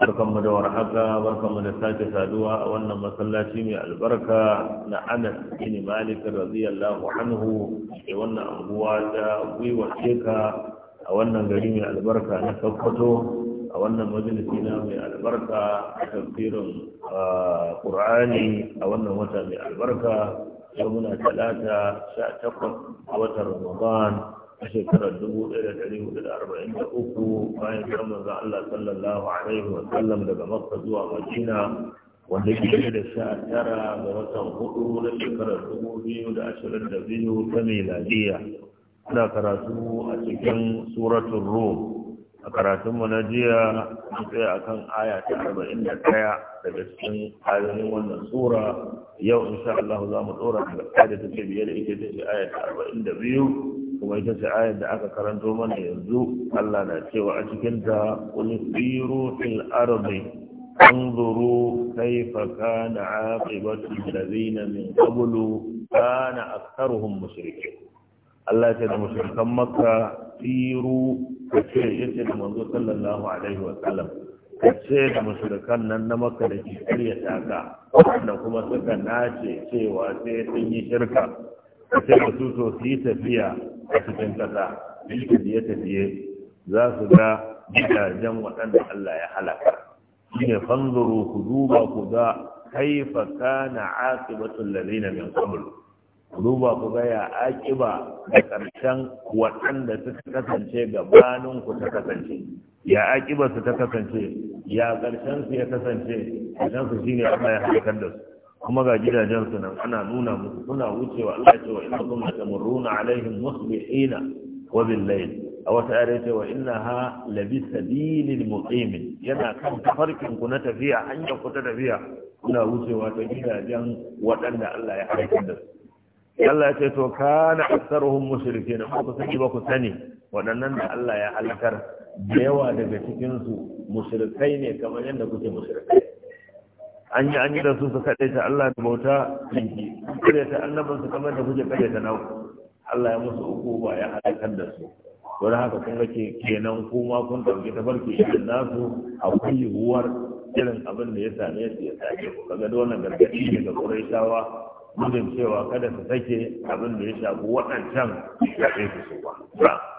barkanmu da warhaka barkanmu da sake saduwa a wannan masallaci mai albarka na anas bin malik radiyallahu anhu da wannan anguwa ta gwiwa sheka a wannan gari mai albarka na sokoto a wannan majalisi na mai albarka a tafsirin qur'ani a wannan wata mai albarka yau muna talata sha takwas a watan ramadan a shekarar 1443 bayan kan manzon Allah sallallahu alaihi wa sallam daga Makka zuwa Madina wanda ke da sha tara ga watan hudu na shekarar 2022 ta miladiya ana karatu a cikin suratun rum a karatunmu na jiya an tsaya akan aya ta ɗaya daga cikin ayoyin wannan sura yau insha Allah za mu tsora daga aya ta take biyar da ita ce aya ta biyu. kuma ita ce ayar da aka karanto mana yanzu Allah na cewa a cikin ta qul siru fil ardi انظروا كيف كان عاقبة الذين من قبل كان أكثرهم مشركين الله تعالى مشركا مكة سيروا كثير منذ صلى الله عليه وسلم kace da mashirkan nan na maka da ke karya taka kuma suka nace cewa sai sun yi shirka kace da tafiya a cikin ƙasa da ya tafiye za su ga gidajen waɗanda Allah ya halaka shi ne fanzuru ku duba ku ga kaifa kana aqibatul ladina min qabl ku duba ku ga ya aqiba da karshen waɗanda suka kasance gabanin ku ta kasance ya aqiba su ta kasance ya karshen su ya kasance karshen su shine Allah ya halakar da su kuma ga gidajen su nan ana nuna musu kuna wucewa Allah ya ce wa innakum latamurruna alaihim muslihina wa bil layl a wata ayar ce wa innaha labi sabilil muqim yana kan tafarkin ku na tafiya hanyar ku ta tafiya kuna wucewa ta gidajen waɗanda Allah ya halaka da su Allah ya ce to kana aktsaruhum mushrikin ko ku sani ba ku sani waɗannan da Allah ya halakar da yawa daga cikin su mushrikai ne kamar yadda kuke mushrikai an yi an yi da su su kaɗai ta Allah da bauta yanki kaɗai ta su kamar da kuke kaɗai ta nau Allah ya musu uku ba ya halakar da su don haka kun ga kenan ma kun ɗauki ta farki irin nasu akwai yiwuwar irin abin da ya same su ya sake ku kaga da wannan gargaɗi daga tawa, gudun cewa kada su sake abin da ya shafi waɗancan ya su ba.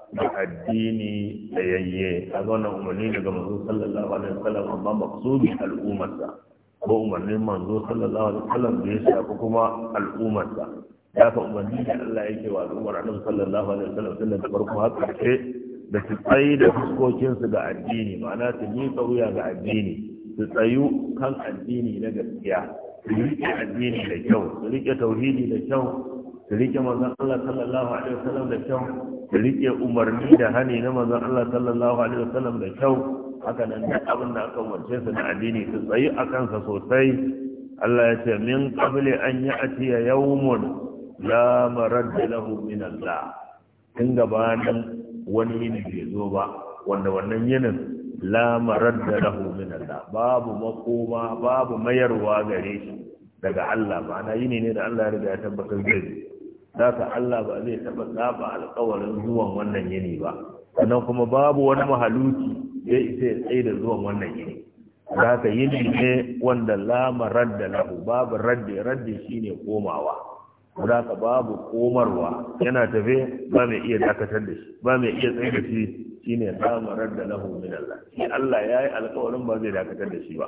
da addini tsayayye a zauna umarni daga manzo sallallahu alaihi wasallam amma maqsudi al'ummarsa ko umarnin manzo sallallahu alaihi wasallam da ya shafi kuma al'ummarsa ya fa umarni da Allah yake wa al'ummar annabi sallallahu alaihi wasallam tun da farko haka ce da su tsayi da fuskokinsu ga addini ma'ana su yi tsauya ga addini su tsayu kan addini na gaskiya su riƙe addini da kyau su riƙe tauhidi da kyau su rike manzon Allah sallallahu alaihi wasallam da kyau su rike umarni da hani na manzon Allah sallallahu alaihi wasallam da kyau haka nan duk abin da aka umarce su na addini su tsayi a kansa sosai Allah ya ce min qabli an ya'tiya yawmun la maradda lahu min Allah tun gabanin wani yini bai zo ba wanda wannan yinin la maradda lahu min Allah babu makoma babu mayarwa gare shi daga Allah ma'ana yini ne da Allah ya riga ya tabbatar zai ka Allah ba zai taɓa saba alƙawarin zuwan wannan yini ba sannan kuma babu wani mahaluki ya isa ya tsaye da zuwan wannan yini za ka yini ne wanda lama radda lahu babu radde radde shine komawa za ka babu komarwa yana tafe ba mai iya dakatar da shi ba mai iya tsaye da shi shine lama radda lahu min Allah shi Allah yayi alƙawarin ba zai dakatar da shi ba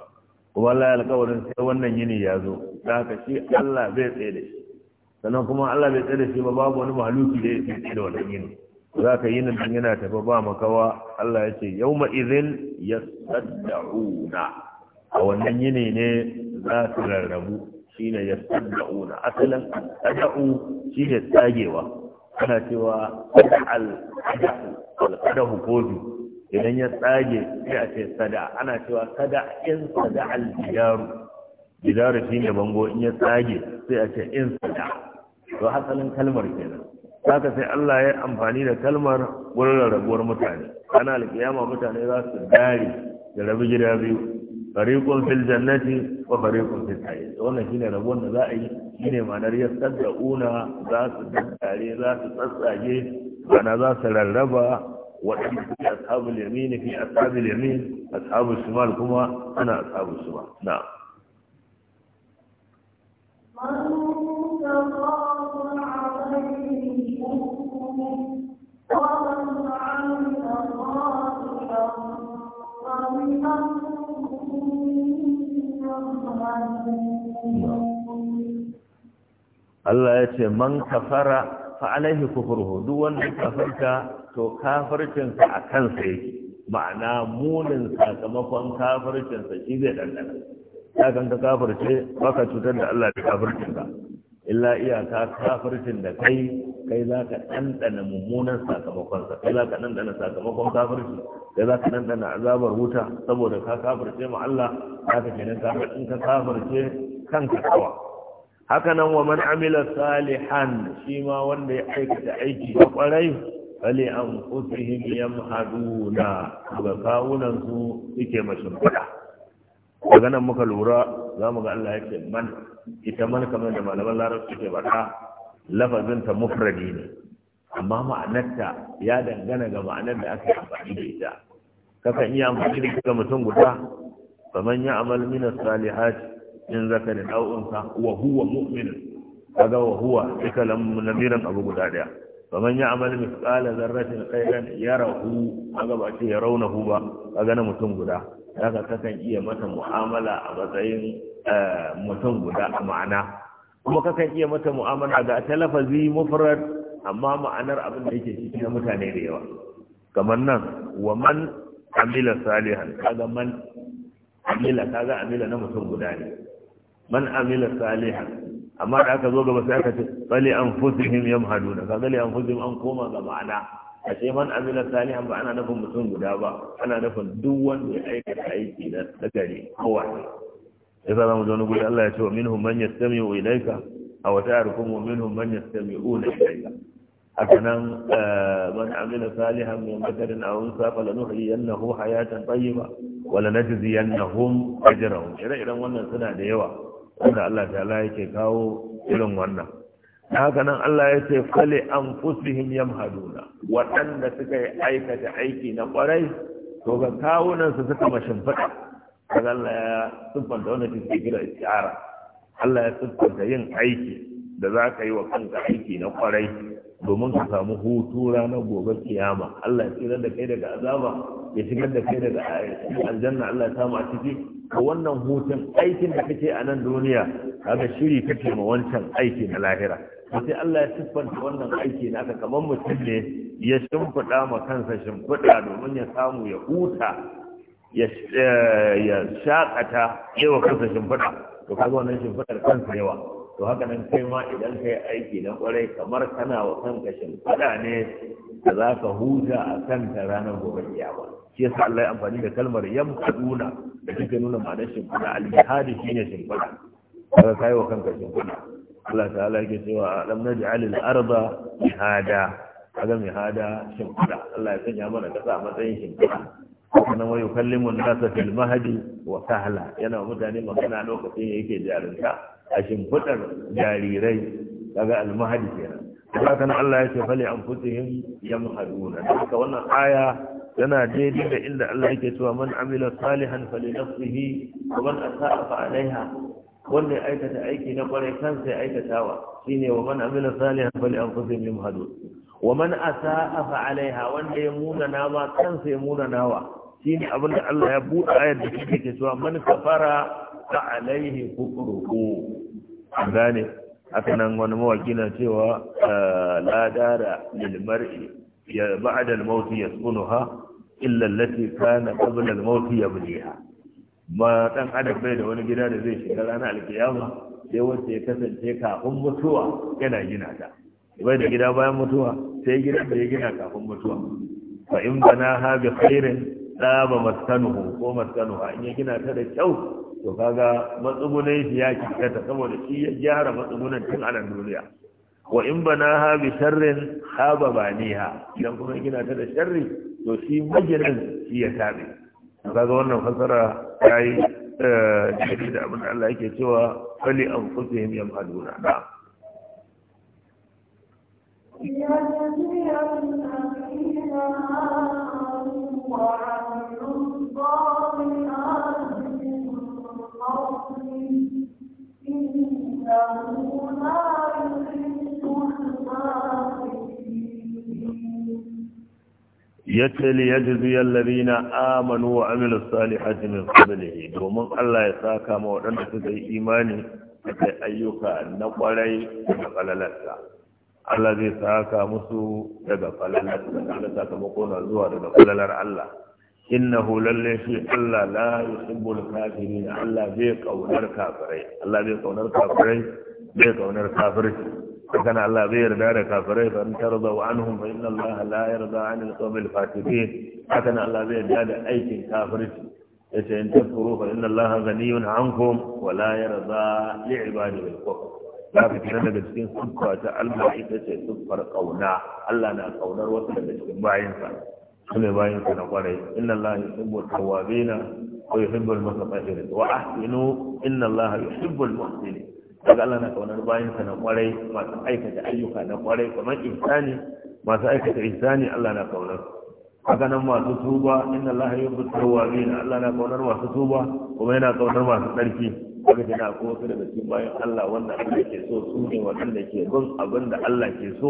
kuma Allah ya alƙawarin sai wannan yini ya zo za ka shi Allah zai tsaye da shi sannan kuma Allah bai tsare shi ba babu wani mahaluki da ya tsare da wannan yini za ka yi nan yana tafi ba makawa Allah ya ce yawma idhin yasaddauna a wannan yini ne za su rarrabu shine yasaddauna asalin adau shine tsagewa ana cewa al al kodu idan ya tsage sai a ce sada ana cewa sada in sada al bidaru bidaru shine bango in ya tsage sai a ce in sada to hasalin kalmar kenan haka sai Allah ya amfani da kalmar gurin rarrabuwar mutane ana alkiyama mutane za su dare da rabu gida biyu fariqun fil jannati wa fariqun fil sa'i wannan shine rabuwar da za a yi shine ma'anar ya una za su dare za su tsatsage ana za su rarraba waɗanda suke ashabul yamin fi ashabul yamin ashabul shimal kuma ana ashabul shimal na'am Allah ya ce man kafara fa alaihi kufruhu duk wanda kafarta to kafircin sa a kansa yake ma'ana munin sakamakon kafircin sa shi zai dandana ya kan kafirce baka cutar da Allah da kafircin ka illa iyaka kafircin da kai kai za ka ɗanɗana mummunan sakamakonsa kai za ka ɗanɗana sakamakon kafirci kai za ka ɗanɗana azabar wuta saboda ka kafirce ma Allah za ka kenan kafir in ka kafirce kanka kawa haka nan wa man amila salihan shi ma wanda ya aikata aiki ta kwarai fali an kusihim yamhaduna ga kawunan su suke mashimfiɗa daga nan muka lura za mu ga Allah ya ce man ita man kamar da malaman larabci ke baka lafazinta mufradi ne amma ma'anarta ya dangana ga ma'anar da aka yi amfani da ita kakan iya amfani da ga mutum guda kamar ya amal min salihat in zaka da unsa wa huwa mu'min kaga wa huwa ikalam nabiran abu guda ɗaya. faman ya amal misqala zarratin khairan yarahu kaga ba ce hu ba kaga na mutum guda ka kakan iya mata mu'amala a matsayin mutum guda a ma'ana kuma kakan iya mata mu'amala ga talafazi mufrad amma ma'anar abin da yake ciki na mutane da yawa kamar nan wa man amila salihan kaga man amila kaga amila na mutum guda ne man amila salihan amma da aka zo gaba sai aka ce tsali an fusihim yam haduna ka tsali an fusihim an koma ga ma'ana a ce man amila salihan ba ana nufin mutum guda ba ana nufin duk wanda ya aikata aiki na nagari kowa ne ya sa zamu zo wani gudu Allah ya ce wa minhum man yastami'u ilayka aw ta'rikum wa minhum man yastami'una ilayka haka nan eh, man amila salihan min makarin aw unsa falanuhyiyannahu hayatan tayyiba wa lanajziyannahum ajrahum ire-iren wannan suna da yawa wanda Allah ta'ala yake kawo irin wannan haka nan Allah ya ce fali an fusihim yamhaduna waɗanda suka yi aikata aiki na ƙwarai to ga kawunan su suka mashimfiɗa kaga Allah ya siffanta wanda take kira istihara Allah ya siffanta yin aiki da za ka yi wa kanka aiki na ƙwarai domin ka samu hutu ranar gobe kiyama Allah ya tsira da kai daga azaba ya shigar da kai daga aljanna Allah ya samu a ciki to wannan hutun aikin da kake a nan duniya kaga shiri kake ma wancan aiki na lahira to sai Allah ya siffanta wannan aiki naka kamar mutum ne ya shimfiɗa ma kansa shimfiɗa domin ya samu ya huta ya eh, shakata yawa kansa shimfiɗa to kaga wannan shimfiɗar kansa yawa to haka nan kai ma idan kai aiki na kwarai kamar kana wa kanka shimfiɗa ne da za ka huta a kanta ranar gobe ba. shi yasa Allah ya amfani da kalmar yamkaduna da take nuna ma'anar kuma al-jihadi shine kuma kaga kai wa kanka kuma Allah ta'ala yake cewa lam naj'al al-arda mihada kaga mihada kuma Allah ya sanya mana kasa a matsayin shimfiɗa kuma wa yukallimu kallimu nasa fil mahdi wa sahla yana mutane magana lokacin yake jarinta a shimfiɗar jarirai kaga al-mahdi kenan haka kana Allah ya ce fali anfusihim yamhaduna haka wannan aya yana daidai da inda Allah yake cewa man amila salihan fali nafsihi wa man asaa fa alaiha wanda ya aikata aiki na kwarai kan sai aikatawa shine wa man amila salihan fali anfusihim yumhadun wa man asaa fa alaiha wanda ya muna nawa kansa ya muna nawa shine abin da Allah ya buɗe ayar da yake cewa man kafara fa alaihi kufruhu gane haka nan wani mawaki na cewa la dara lil mar'i ya ba'da al-maut yaskunuha illa allati kana qabla al-maut yabliha Ba dan adam bai da wani gida da zai shiga ranar alkiyama sai wacce ya kasance kafin mutuwa yana gina ta bai da gida bayan mutuwa sai gida da ya gina kafin mutuwa fa in bana ha bi khairin tsaba maskanuhu ko maskanuha in ya gina ta da kyau to kaga matsugunan shi ya kikata saboda shi ya gyara matsugunan tun a duniya wa in bana ha bi sharrin haba baniha idan kuma gina ta da sharri to shi maginan shi ya tabe kaga wannan fasara ta yi da abin Allah yake cewa fali an kusa yin yam haduna da إنه لا يحب المال yace li yajzi alladhina amanu wa amilu salihati min qablihi domin Allah ya saka ma waɗanda suka yi imani da ayyuka na kwarai da falalarsa Allah zai saka musu daga falalarsa Allah sakamako na zuwa daga falalar Allah innahu lalle shi Allah la yuhibbul kafirin Allah zai kaunar kafirai Allah zai kaunar kafirai kaunar allah فكان الله غير ذلك كافرين فان ترضوا عنهم فان الله لا يرضى عن القوم الفاسقين فكان الله غير ذلك اي كافر yace in tafkuru fa inna allaha ghaniyun ankum wa la yarda li ibadihi al-kufr ka fitina daga cikin sukka ta Allah ita ce sukkar kauna Allah na kaunar wasu daga cikin bayinsa sune bayinsa na kwarai inna allah yuhibbu at-tawwabina wa yuhibbu al-mutatahhirin wa ahsinu inna allaha yuhibbu al-muhsinin daga Allah na kaunar bayansa na kwarai masu aikata ayyuka na kwarai kamar ihsani masu aikata ihsani Allah na kaunar haka nan masu tuba inna Allah ya yubu tawabin Allah na kaunar masu tuba kuma yana kaunar masu tsarki haka yana ko wasu daga cikin bayan Allah wanda Allah ke so su ne wanda ke bin abin da Allah ke so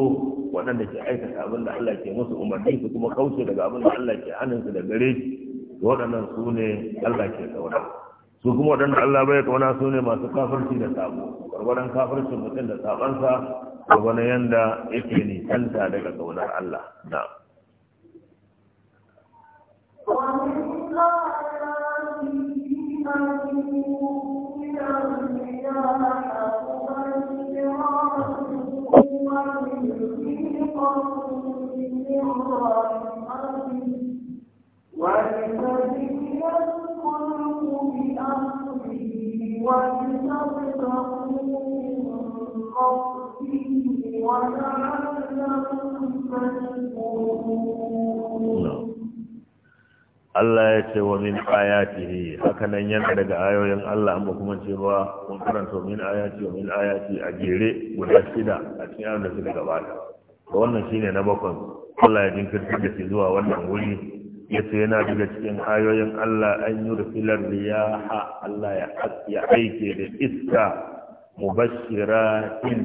wanda ke aikata abin da Allah ke musu umarni su kuma kauce daga abin da Allah ke hannunsu da gare shi waɗannan su ne Allah ke kaunar su kuma waɗanda Allah bai kauna su ne masu kafirci da sabo gwargwadon kafircin mutum da sabansa wani yanda yake tanta daga gaunar Allah na وَالَّذِينَ Allah ya ce wa min ayatihi hakanan yana daga ayoyin Allah amma kuma ce ba kun karanta min ayati wa min ayati a jere guda shida a cikin ayoyin da suka gabata wannan shine na bakwai Allah ya jinkirta shi zuwa wannan wuri yace yana daga cikin hayoyin Allah an yi rufilar riyaha Allah ya aike da iska in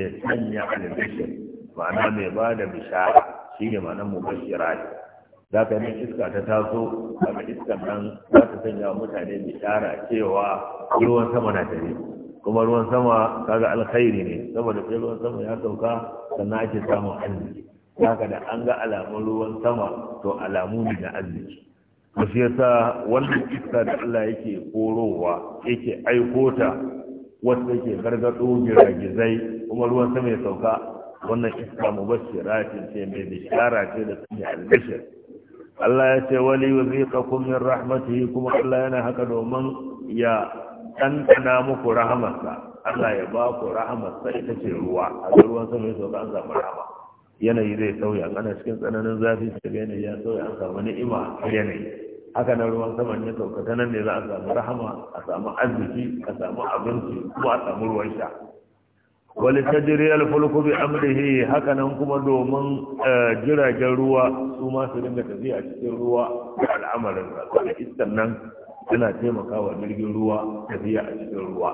ya sanya albishir ma'ana mai ba da bishara shi ne ma'anar ne za ka yi iska ta taso daga iskan nan za ta sanya mutane bishara cewa ruwan sama na tare kuma ruwan sama kaga alkhairi ne saboda sai ruwan sama ya sauka sannan ake samun arziki haka da an ga alamun ruwan sama to alamu ne na arziki wasu yasa wannan iska da Allah yake korowa yake aiko ta wasu yake gargado giragizai kuma ruwan sama ya sauka wannan iska mubashira ce ce mai bishara ce da sanya albishir Allah ya ce wali yuziqakum min rahmatihi kuma Allah yana haka domin ya ɗanɗana muku rahamarsa Allah ya ba ku rahamarsa ita ce ruwa a ruwan sama ya sauka an samu rahama yanayi zai sauya ana cikin tsananin zafi da yanayi ya sauya a samu ni'ima a yanayi haka nan ruwan saman ya sauka ta nan ne za a samu rahama a samu arziki a samu abinci ko a samu ruwan sha wani tajiri alfulku bi amrihi haka nan kuma domin eh, jiragen ruwa su ma su dinga tafiya cikin ruwa da al'amarin da iskan nan suna taimakawa jirgin ruwa tafiya a cikin ruwa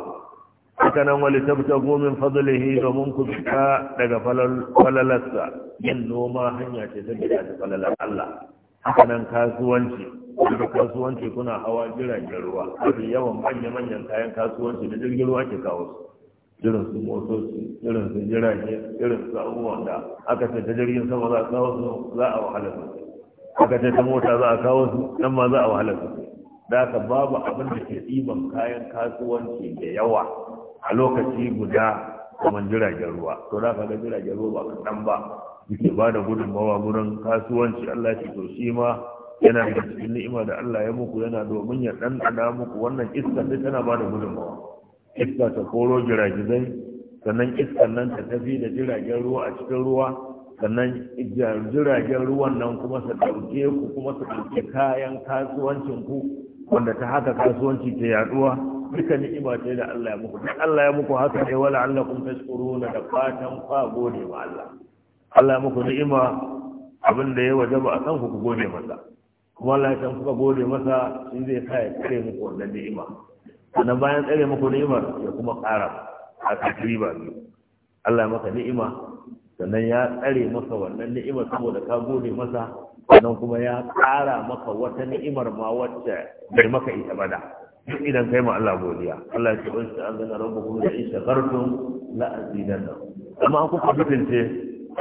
haka nan wali tabta gomin fadlihi domin ku fita daga falalarsa yin noma hanya ce ta gida da falalar Allah haka nan kasuwanci daga kasuwanci kuna hawa jiragen ruwa mafi yawan manya-manyan kayan kasuwanci da jirgin ruwa ke kawo su irin su motoci irin su jirage irin su abubuwan da aka ce ta jirgin sama za a kawo su za a wahala su aka ce ta mota za a kawo su nan ma za a wahala su da haka babu abin da ke ɗiban kayan kasuwanci da yawa a lokaci guda kamar jiragen ruwa to da ka ga jiragen ruwa ba kaɗan ba yake ba da gudunmawa gurin kasuwanci Allah ce to shi ma yana da cikin ni'ima da Allah ya muku yana domin ya ɗanɗana muku wannan iskar da tana ba da gudunmawa iska ta koro jiragizai sannan iskar nan ta tafi da jiragen ruwa a cikin ruwa sannan jiragen ruwan nan kuma su ɗauke ku kuma su ɗauke kayan kasuwancinku. ku wanda ta haka kasuwanci ta yaɗuwa duka ni'ima ce da Allah ya muku dan Allah ya muku haka ne wala allakum tashkuruna da fatan fa gode ma Allah Allah ya muku ni'ima abin da ya wajaba a san ku gode masa kuma Allah ya san ku gode masa in zai sa ya tsare muku wannan ni'ima sannan bayan tsare muku ni'imar ya kuma ƙara a takriba Allah ya maka ni'ima sannan ya tsare masa wannan ni'imar saboda ka gode masa sannan kuma ya ƙara maka wata ni'imar ma wacce bai maka ita ba da duk idan kai ma Allah godiya Allah ya ce wani ta azana rabbukum la isa shakartum la nan amma kuka mutunce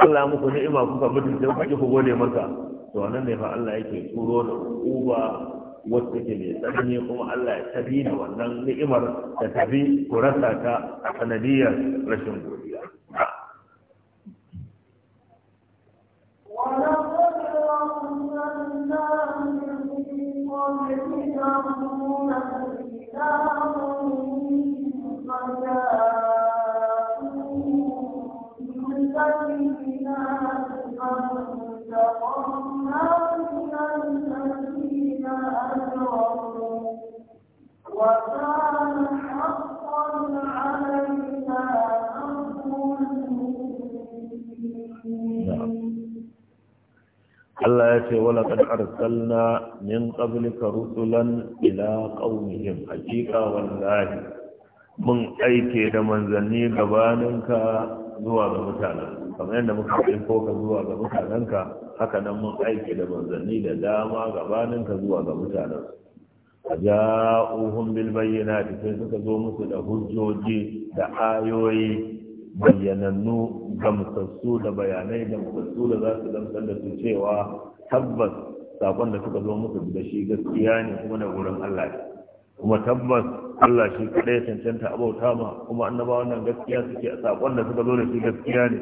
Allah muku ni'ima kuka mutunce kuka ki ku gode maka to nan ne fa Allah yake turo da uba wacce ke mai tsanani kuma Allah ya tabi da wannan ni'imar ta tabi ku rasa ta a sanadiyar rashin godiya ولقد أرسلنا من قبلك Namo Allah ya ce wala kan arsalna min qablika rusulan ila qaumihim hakika wallahi mun aike da manzanni gabaninka zuwa ga mutanen kamar yadda muka ko ka zuwa ga mutanenka haka nan mun aike da manzanni da dama gabaninka zuwa ga mutanen ja'uhum bil bayyinati sai suka zo musu da hujjoji da ayoyi bayyanannu gamsassu da bayanai gamsassu da za su gamsar da su cewa tabbas sakon da suka zo musu da shi gaskiya ne kuma da wurin Allah ne kuma tabbas Allah shi kaɗai ya cancanta abauta ma kuma annabawan nan gaskiya suke a sakon da suka zo da shi gaskiya ne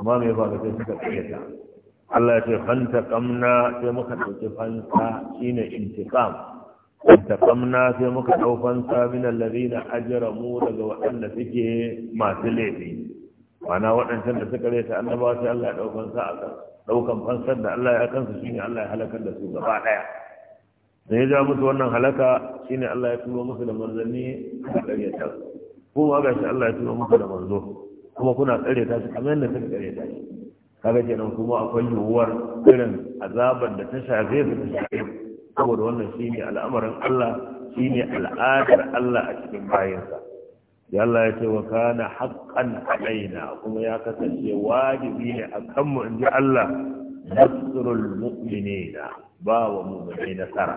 amma me ba ga sai suka karyata Allah ya ce fanta kamna sai muka ɗauki fanta shine intiqam taƙamna sai muka ɗaufan sabinan lalina ajiyar mu daga waɗanda suke masu laifi mana waɗancan da suka laita annabawa sai Allah ya ɗaukan sa a kan ɗaukan fansar da Allah ya kansu shine Allah ya halakar da su gaba ɗaya da ya ja musu wannan halaka shine Allah ya tuba musu da manzanni da ƙaryatar kuma ga shi Allah ya tuba musu da manzo kuma kuna ƙaryata shi kamar yadda suka ƙaryata shi kaga kenan kuma akwai yiwuwar irin azabar da ta shafe su ta shafe saboda wannan ne al'amarin Allah shine al'adar Allah a cikin bayansa ya Allah ya ce wa kana haqqan alaina kuma ya kasance wajibi ne kanmu in ji Allah nasrul mu'minina ba wa mu'minai nasara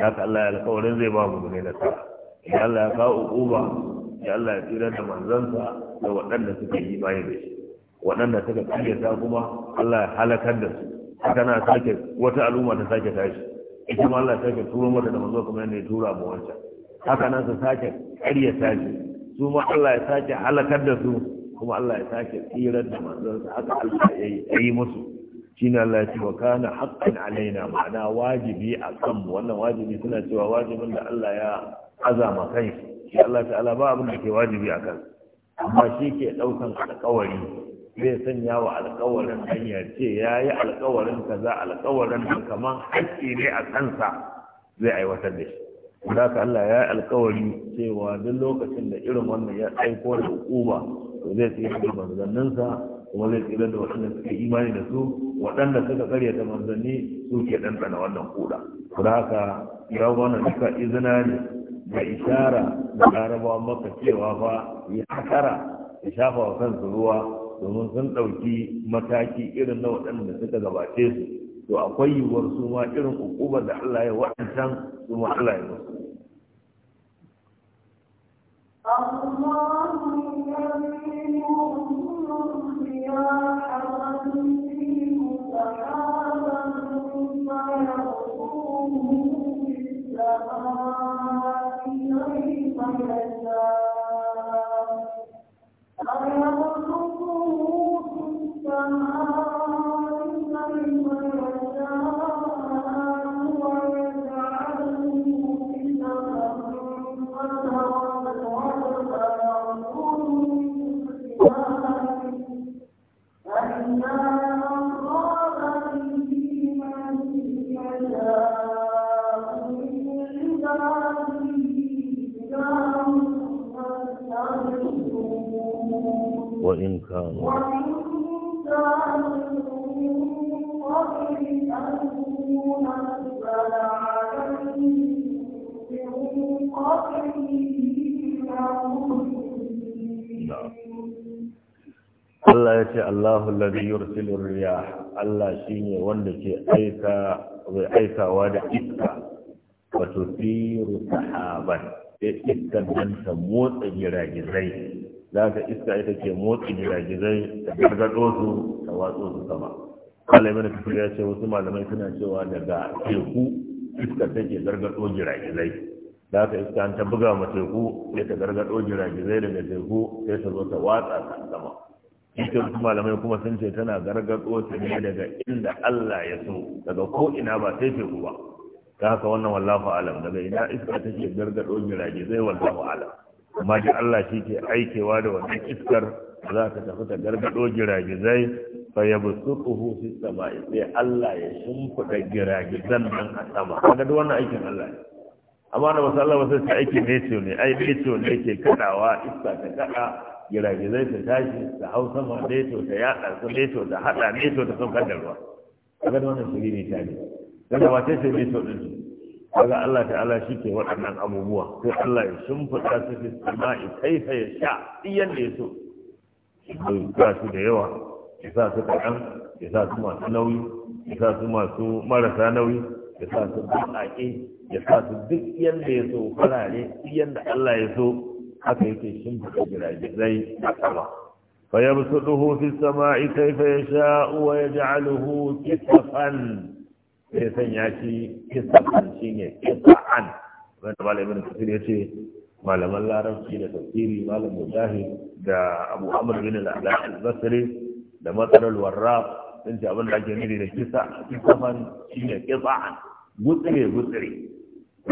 ya ka Allah ya alƙawarin zai ba mu'minai nasara ya Allah ya kawo uba ya Allah ya tsira da manzansa da waɗanda suka yi bayan da shi waɗanda suka karyata kuma Allah ya halakar da su haka na sake wata al'umma ta sake tashi ita ma Allah sake turo mata da manzo kamar yadda ya tura mu wancan haka nan su sake ƙarya tashi su ma Allah ya sake halakar da su kuma Allah ya sake tsirar da manzonsa haka Allah ya yi musu shine Allah ya ce wa kana alaina ma'ana wajibi a kan wannan wajibi suna cewa wajibin da Allah ya azama kai shi Allah ta'ala ba abin da ke wajibi a kan amma shi ke ɗaukan alƙawari zai sanya wa alkawarin hanya ce ya yi alkawarin za alkawarin nan kaman haƙƙi ne a kansa zai aiwatar da shi da ka Allah ya yi alkawari cewa duk lokacin da irin wannan ya aiko da hukuma to zai tsira da manzanninsa kuma zai tsira da waɗanda suke imani da su waɗanda suka karyata manzanni su ke ɗanɗana wannan kuɗa da ka ya wannan duka izina ne da ishara da larabawa maka cewa fa ya tsara ya shafa wa kansu ruwa domin sun ɗauki mataki irin na waɗanda suka gabace su to akwai yiwuwar su ma irin ukubar da Allah ya waɗancan su ma Allah ya musu Thank you. أم يخلقه في السماء Allah ya ce Allahu alladhi yursilu riyah Allah shine wanda ke aika bai aikawa da iska wato tiru sahaban iska nan ta motsa giragizai ka iska ita ke motsa giragizai ta gargado su ta watso su sama Allah ibn Kathir ya ce wasu malamai suna cewa daga teku iska take gargado giragizai da ka iska an ta buga ma teku sai ta gargado jiragizai daga teku sai ta zo ta watsa sama ita wasu malamai kuma sun ce tana gargaɗo ta ne daga inda Allah ya so daga ko ina ba sai teku ba ta haka wannan wallahu alam daga ina iska take gargaɗo jirage zai wallahu alam amma dai Allah shi ke aikewa da wannan iskar za ka tafi ta gargaɗo jirage zai fa ya busuquhu fi sama'i sai Allah ya shimfiɗa jirage zan nan a sama kaga duk wannan aikin Allah ne amma da wasu Allah ba sai aikin ne ce ne ai ne ce ne ke kaɗawa iska ta kaɗa giragizai ta tashi da hausa ma leto ta yaɗa su leto ta haɗa leto ta saukar da ruwa a gani wannan shiri ne ta ne daga wace ce leto ɗin su daga Allah ta'ala shi ke waɗannan abubuwa sai Allah ya shimfiɗa su fi sama'i ya sha iyan da ya so sa su da yawa ya sa su kaɗan ya sa su masu nauyi ya sa su masu marasa nauyi ya sa su baƙaƙe ya sa su duk yanda ya so farare yanda Allah ya so haka yake shimfiɗa giragizai a sama fa ya busuɗuhu fi sama'i kaifa ya sha'u wa ya ja'aluhu kisafan sai sanya shi kisafan ne kisa'an wanda malamin tafsir ya ce malaman larabci da tafsiri malam Mujahi da abu amur bin al da matsalar warraf sun ce abin da ake nufi da kisa shi ne kisa'an gutsire gutsire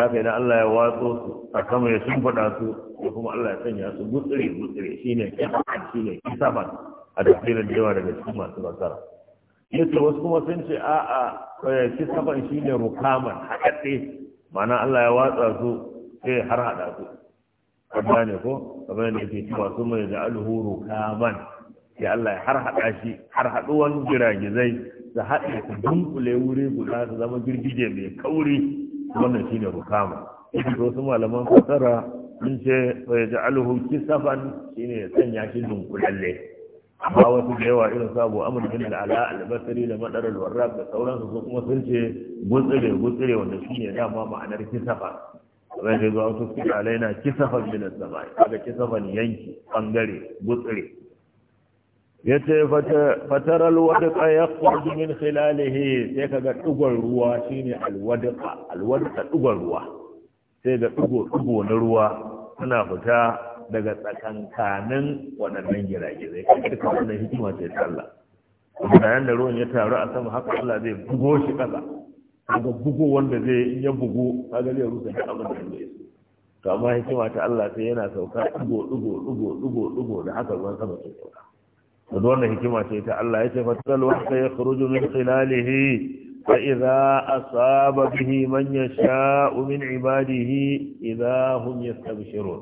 haka idan Allah ya watso su a sama ya shimfiɗa su da kuma Allah ya sanya su gutsire gutsire shine kisan shine kisaban a tafsirin da yawa daga cikin masu nasara yace wasu kuma sun ce a'a eh, shi ne rukaman haɗaɗɗe ma'ana Allah ya watsa su sai har haɗa su kuma ne ko kamar da yake cewa sun mai da alhuru kaman sai Allah ya har haɗa shi har haɗuwan giragizai da haɗe su dunkule wuri guda su zama girgije mai kauri wannan ne rukama wasu malaman fasara sun ce wa ya ja'aluhu kisafan shine ya sanya shi dunkulalle amma wasu da yawa irin sabo amur bin ala albasari da madar alwarrab da sauransu su kuma sun ce gutsire gutsire wanda ne dama ma'anar kisafa kamar da zuwa wasu suka alaina kisafan bin samai kaga kisafan yanki bangare gutsire ya ce fataral wadaka ya kwarji min khilalihi sai kaga ɗigon ruwa shine alwadaka alwadqa ɗigon ruwa sai ga ɗigo na ruwa suna fita daga tsakankanin girage sai kaga duka wannan hikima ce ta Allah bayan da ruwan ya taru a sama haka Allah zai bugo shi kaza kaga bugo wanda zai ya bugo kaga zai rusa da abin da zai so to amma hikima ta Allah sai yana sauka ɗigo ɗigo ɗigo ɗigo ɗigo da haka ruwan sama ke sauka da wannan hikima ce ta Allah ya ce fatal wahda yakhruju min khilalihi fa idza asaba bihi man yasha'u min ibadihi idza hum yastabshirun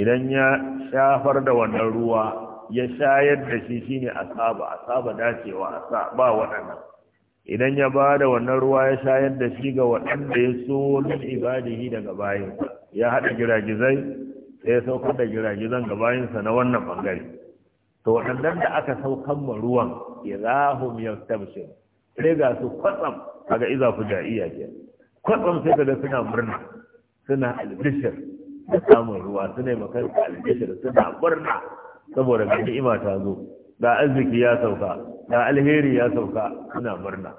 idan ya shafar da wannan ruwa ya shayar da shi shine asaba asaba dacewa asaba waɗannan idan ya ba da wannan ruwa ya shayar da shi ga waɗanda ya so min ibadihi daga bayinsa, ya haɗa jiragizai sai ya saukar da jiragizan ga bayansa na wannan bangare to waɗannan da aka saukan ma ruwan idahum yastabshir sai ga su kwatsam kaga iza iya ke kwatsam sai ga suna murna suna albishir da samun ruwa suna makar albishir suna murna saboda ga ni'ima ta zo ga arziki ya sauka ga alheri ya sauka suna murna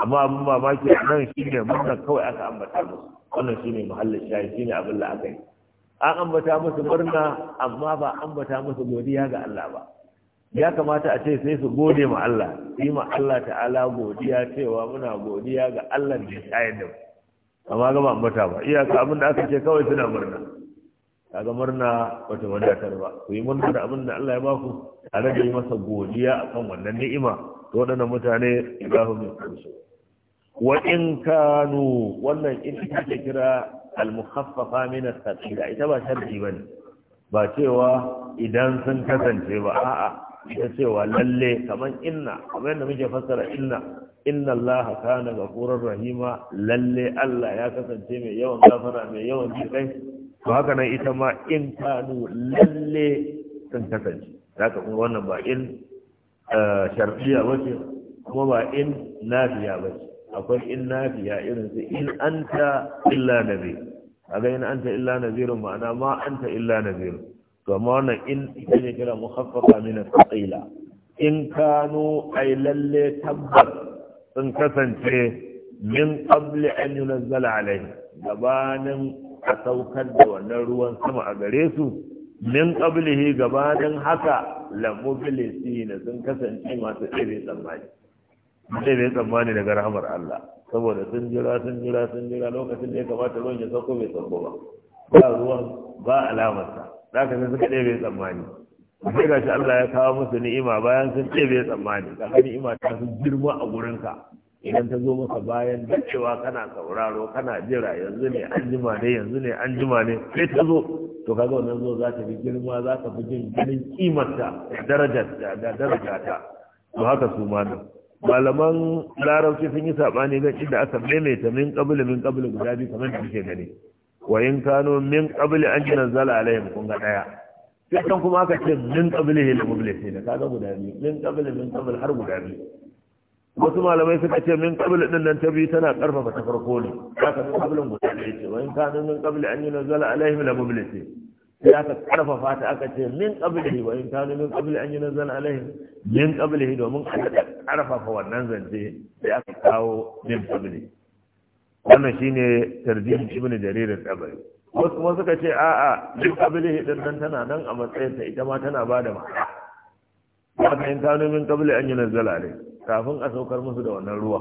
amma abin mamaki nan shine murna kawai aka ambata musu wannan shine muhallin shayi shine abin da aka yi an ambata musu murna amma ba ambata musu godiya ga Allah ba ya kamata a ce sai su gode ma Allah yi ma Allah ta'ala godiya cewa muna godiya ga Allah da ya tsaye da amma ga ba ambata ba iyaka abin da aka ce kawai suna murna kaga murna wata wadatar ba ku yi murna da abinda Allah ya baku. ku rage da yi masa godiya akan wannan ni'ima ta waɗannan mutane za su wa in kanu wannan ita ce kira al-mukhaffafa min as-saqila ita ba sharti bane ba cewa idan sun kasance ba a'a ita cewa lalle kaman inna kamar yadda muke fassara inna inna Allah kana ghafurur rahima lalle Allah ya kasance mai yawan gafara mai yawan jikai to haka nan ita ma in kanu lalle sun kasance zaka kuma wannan ba in eh, shartiya bace kuma ba in nafiya bace akwai in nafiya irin su in anta illa nabi kaga in anta illa nazirun ma'ana ma anta illa nazirun to amma wannan in ita ne kira mukhaffafa min al-thaqila in kano ay lalle tabbas sun kasance min qabli an yunzala alaihi gabanin a saukar da wannan ruwan sama a gare su min qablihi gabanin haka lamubilisi sun kasance masu tsire tsammani mai bai tsammani daga rahamar Allah saboda sun jira sun jira sun jira lokacin da ya kamata ruwan ya sauko bai sauko ba ba ruwan ba alamarsa za ka suka ɗebe tsammani sai ga shi Allah ya kawo musu ni'ima bayan sun ɗebe tsammani ga ni'ima ta sun girma a gurin ka idan ta zo maka bayan da cewa kana sauraro kana jira yanzu ne an jima ne yanzu ne an jima ne sai ta zo to kaga wannan zo za ta fi girma za ta fi jin ganin kimarta da darajarta da darajarta to haka su ma nan malaman larabci sun yi saɓani ga inda aka maimaita min ƙabili min ƙabili guda biyu kamar da kuke gani yin kano min ƙabili an ji zala alayhim kun ga ɗaya fitan kuma aka ce min ƙabili hil sai da kaga guda biyu min ƙabili min ƙabili har guda biyu wasu malamai suka ce min ƙabili ɗin nan ta biyu tana ƙarfafa ta farko ne haka min ƙabilin guda biyu ce Wa yin kano min ƙabili an ji zala alayhim la sai sai aka karfafa ta aka ce min qablihi wa in kana min qabli an yunzal alaihim min qablihi domin aka karfafa wannan zance sai aka kawo min qabli wannan shine tarjihin ibnu jarir al-tabari wasu kuma suka ce a'a min qablihi din nan tana nan a matsayin ta ita ma tana bada ma'ana haka in kana min qabli an yunzal alaihim kafin a saukar musu da wannan ruwa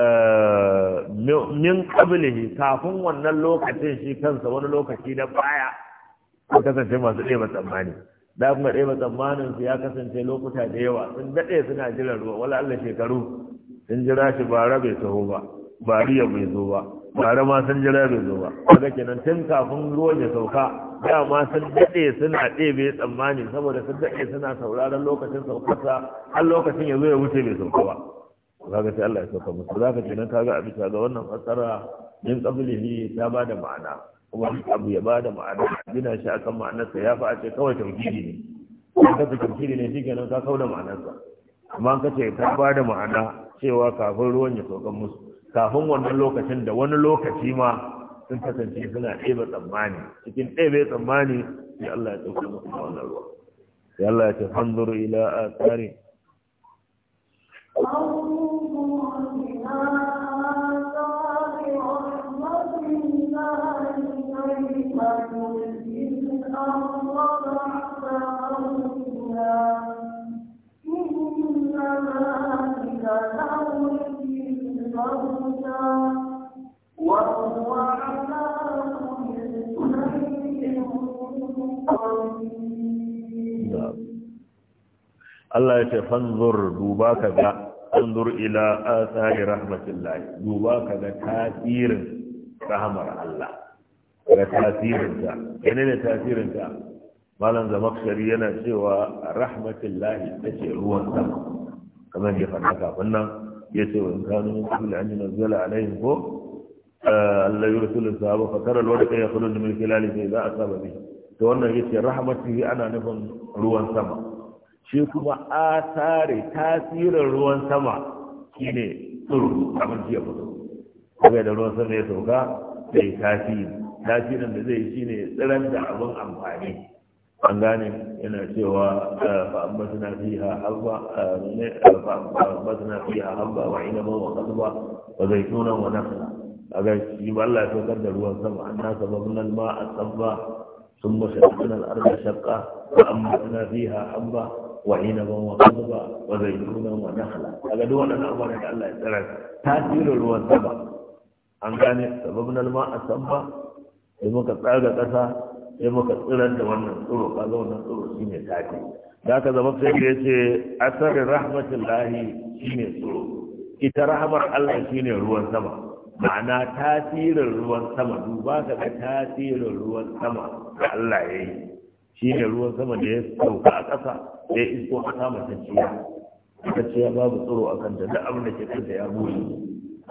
eh, min qablihi kafin wannan lokacin shi kansa wani lokaci na baya sun kasance masu ɗaya tsammani da kuma ɗaya tsammanin su ya kasance lokuta da yawa sun daɗe suna jiran ruwa wala Allah shekaru sun jira shi bara bai taho ba riya bai zo ba bara ma sun jira bai zo ba kaga kenan tun kafin ruwa ya sauka dama sun daɗe suna ɗebe tsammani saboda sun daɗe suna sauraron lokacin saukarsa har lokacin ya zo ya wuce bai sauka ba kaga sai Allah ya sauka musu zaka kenan kaga a bisa ga wannan fassara min qablihi ta bada ma'ana wani abu ya bada ma'ana gina shi akan ma'anarsa ya fi a ce kawai tauhidi ne an ka tauhidi ne shi kenan ka kauda ma'anarsa amma ka ce ka bada ma'ana cewa kafin ruwan ya sauka musu kafin wannan lokacin da wani lokaci ma sun kasance suna ɗebe tsammani cikin ɗebe tsammani sai Allah ya ɗauki musu wannan ruwa sai Allah ya ce fanzuru ila asari Allah نولي الموتى وهو على كل شيء قدير Allah ya ce fanzur duba ka ga fanzur ila asari rahmatullahi duba ka ga tasirin rahmar Allah ga tasirinta yana ne tasirinta malam zamakshari yana cewa rahmatullahi ta ce ruwan sama kamar da faɗa kafin nan ya ce wa in kanu min an yunzala alaihim ko ah, Allah rusul sahaba fa tara alwadqa yakhruju min khilal fi idha asaba bi to wannan yace rahmatihi ana nufin ruwan sama shi kuma asare tasirin ruwan sama shine tsuru kamar jiya fito Kuma da ruwan sama ya sauka sai tasiri tasirin da zai shine tsiran da abin amfani an gane yana cewa eh, fa'ambatna fiha habba eh, eh, fa'ambatna fiha habba wa inaba wa qadba wa zaytuna wa shi ba Allah ya da ruwan sama an nasa babna alma asabba thumma shaqqana al-ardha shaqqa fa'ambatna fiha habba wa inaba wa qadba wa zaytuna wa duk wannan da Allah ya tsara tasirin ruwan sama an gane sababna alma asabba da muka tsaga ƙasa sai muka tsirar da wannan tsiro zo wannan tsoro shi ne tafi da ka zama sai ya ce asarin rahmatullahi shi ne tsoro ita rahamar allah shi ne ruwan sama ma'ana tasirin ruwan sama duba ka ga tasirin ruwan sama da Allah ya yi shi ne ruwan sama da ya sauka a ƙasa da ya isko a sama ta ciya ta babu tsoro a kanta da abin da ke kanta ya bushe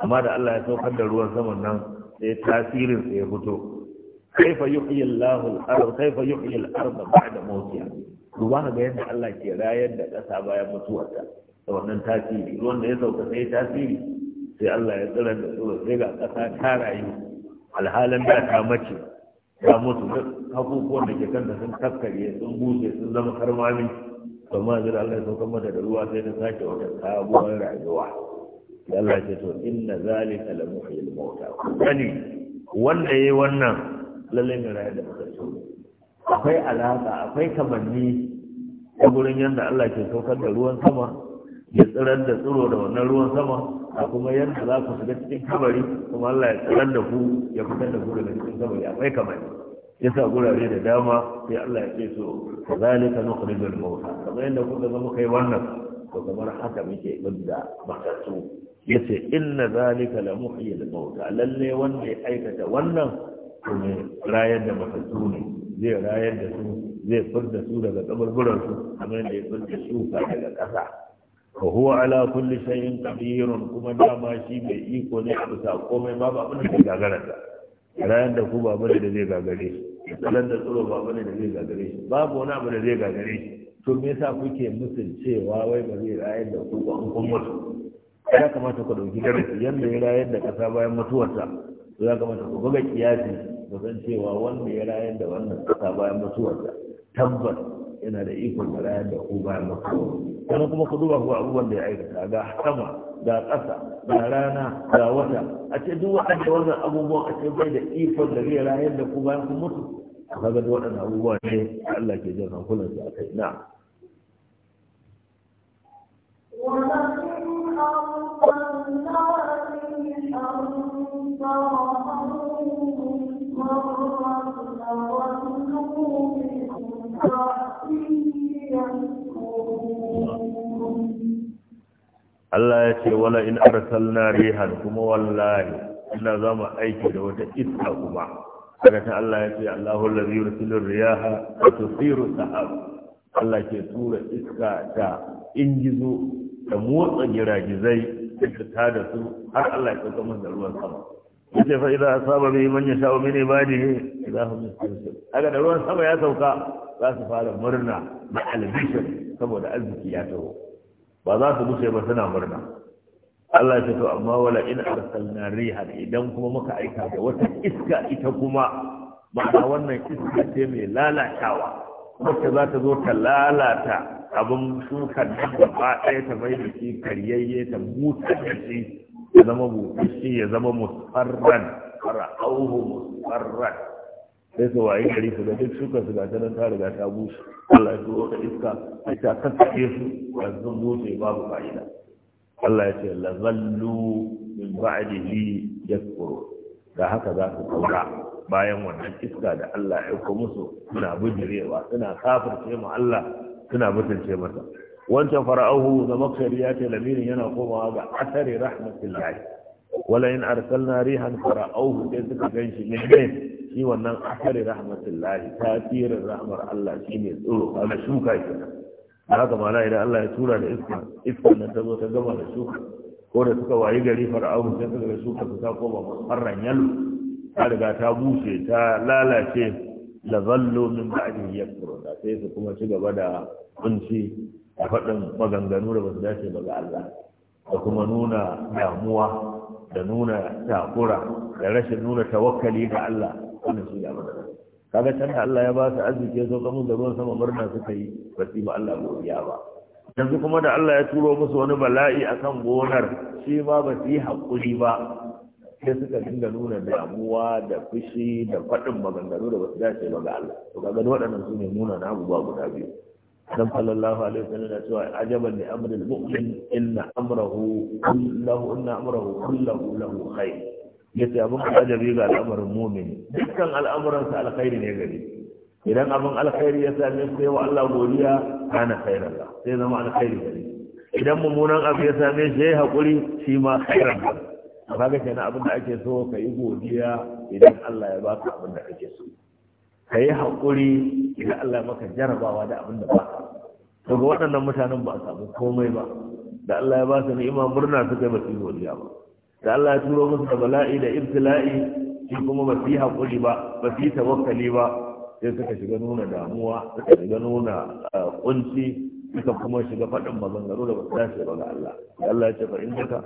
amma da Allah ya saukar da ruwan saman nan sai tasirin sai ya fito kaifa yuhyi Allahu al-ardh kaifa yuhyi al-ardh ba'da mawtiha duba ga yadda Allah ke rayar da ƙasa bayan mutuwarta da wannan tasiri ruwan da ya sauka sai tasiri sai Allah ya tsira da tsoro sai ga ƙasa ta rayu alhalin da ta mace ta mutu kafofuwan da ke kanta sun kaskare sun bushe sun zama karmami to ma zira Allah ya sauka mata da ruwa sai ta sake wata sabuwar rayuwa Allah ya ce to inna zalika la muhyil mauta kani wanda yayi wannan lallai mai rayar da matattu akwai alaƙa akwai kamanni ta gurin yadda Allah ke saukar da ruwan sama ya tsirar da tsiro da wannan ruwan sama a kuma yadda za ku shiga cikin kabari kuma Allah ya tsirar da ku ya fitar da ku daga cikin kabari akwai kamanni ya sa gurare da dama sai Allah ya ce so ka zalika nukhrijul mawuta kamar yadda kuka zama kai wannan ko kamar haka muke bidda matattu yace inna zalika la muhyil mawt lalle wanda ya aikata wannan mai rayar da matattu ne zai rayar da su zai furta su daga tsabarburan su kamar da ya furta shuka daga ƙasa ka huwa ala kulli shay'in qadirun kuma dama shi mai iko ne a bisa komai babu abin da gagara ta rayar da ku babu da zai gagare shi da tsoro babu da zai gagare shi babu wani abu da zai gagare shi to me yasa kuke musul cewa wai ba zai rayar da ku ba an kun mutu ya kamata ku ɗauki darasi yadda ya rayar da ƙasa bayan mutuwarsa ya kamata ku buga kiyasi da zan cewa wanda ya rayar da wannan kasa bayan mutuwarsa tabbas yana da ikon da rayar da ku bayan mutuwarsa kuma kuma ku duba ku abubuwan da ya aikata ga sama ga ƙasa ga rana ga wata a ce duk waɗanda wannan abubuwan a ce bai da ikon da zai rayar da ku bayan ku mutu kaga duk waɗannan abubuwa ne Allah ke jan hankulansa a kai na'am ولئن أرسلنا من أنصار Allah ya ce wala in arsalna rihan kuma wallahi ina za mu aiki da wata iska kuma daga ta Allah ya ce Allahu allazi yursilu riyaha wa tusiru sahab Allah ke tura iska ta ingizo da motsa giragizai da ta da su har Allah ya tsaka mun da ruwan sama yace fa idan asaba bi man yasha min ibadihi idan hum yastasir aga da ruwan sama ya sauka za su fara murna da albishir saboda arziki ya taho ba za su gushe ba suna murna Allah ya to amma wala in arsalna riha idan kuma muka aika da wata iska ita kuma ba ma'ana wannan iska ce mai lalatawa wacce za ta zo ta lalata abin shukar nan gaba ɗaya ta bai da shi karyayye ta buta da shi ya zama buta shi ya zama musfarran fara'auhu musfarran sai su waye gari su ga duk shuka su gata nan ta riga ta bushe Allah ya turo ta iska a ta kakkace su da sun bushe babu fa'ida Allah ya ce la zallu min ba'dihi yakfur da haka za su kaura bayan wannan iska da Allah ya aika musu suna bujirewa suna kafirce mu Allah suna mutunce masa wancan fara'ahu da makshari ya ce lamirin yana komawa ga asari rahmatullahi wala in arsalna rihan fara'auhu sai suka ganshi ne ne shi wannan akari rahmatullahi tasirin rahmar Allah ne tsoro ana shuka kenan haka mana idan Allah ya tura da iska iska na ta ta gama da shuka ko da suka wayi gari far'au sai suka ga shuka su ta koma farran yalo ta riga ta bushe ta lalace la zallu min ba'dihi da sai su kuma ci gaba da kunci a faɗin maganganu da ba su dace ba ga Allah da kuma nuna damuwa da nuna takura da rashin nuna tawakkali ga Allah wannan su ya mana kaga can da Allah ya ba su arziki ya da ruwan sama murna suka yi ba su ba Allah godiya ba yanzu kuma da Allah ya turo musu wani bala'i akan gonar shi ma ba su yi haƙuri ba sai suka dinga nuna damuwa da fushi da faɗin maganganu da ba su dace ba ga Allah to kaga waɗannan su ne nuna na abubuwa guda biyu dan sallallahu alaihi wasallam da cewa ajaban li amril mu'min inna amrahu kullahu inna amrahu kullahu lahu khair yace abun ajabi ga al'amarin mu'min dukkan al'amuran sa alkhairi ne gare idan abun alkhairi ya same sai wa Allah godiya kana khairan la sai zama alkhairi gare idan mummunan abu ya same shi yayi hakuri shi ma khairan la kaga kenan abin da ake so ka yi godiya idan Allah ya baka abin da kake so kai hakuri idan Allah maka jarabawa da abin da baka daga waɗannan mutanen ba a samu komai ba da Allah ya ba su ni'ima murna su kai ba su yi ba da Allah ya turo musu da bala'i da ibtila'i shi kuma ba su yi haƙuri ba ba su yi tawakkali ba sai suka shiga nuna damuwa suka shiga nuna kunci ah, suka kuma shiga faɗin maganganu da ba su dace ba ga Allah da Allah ya ce fahimta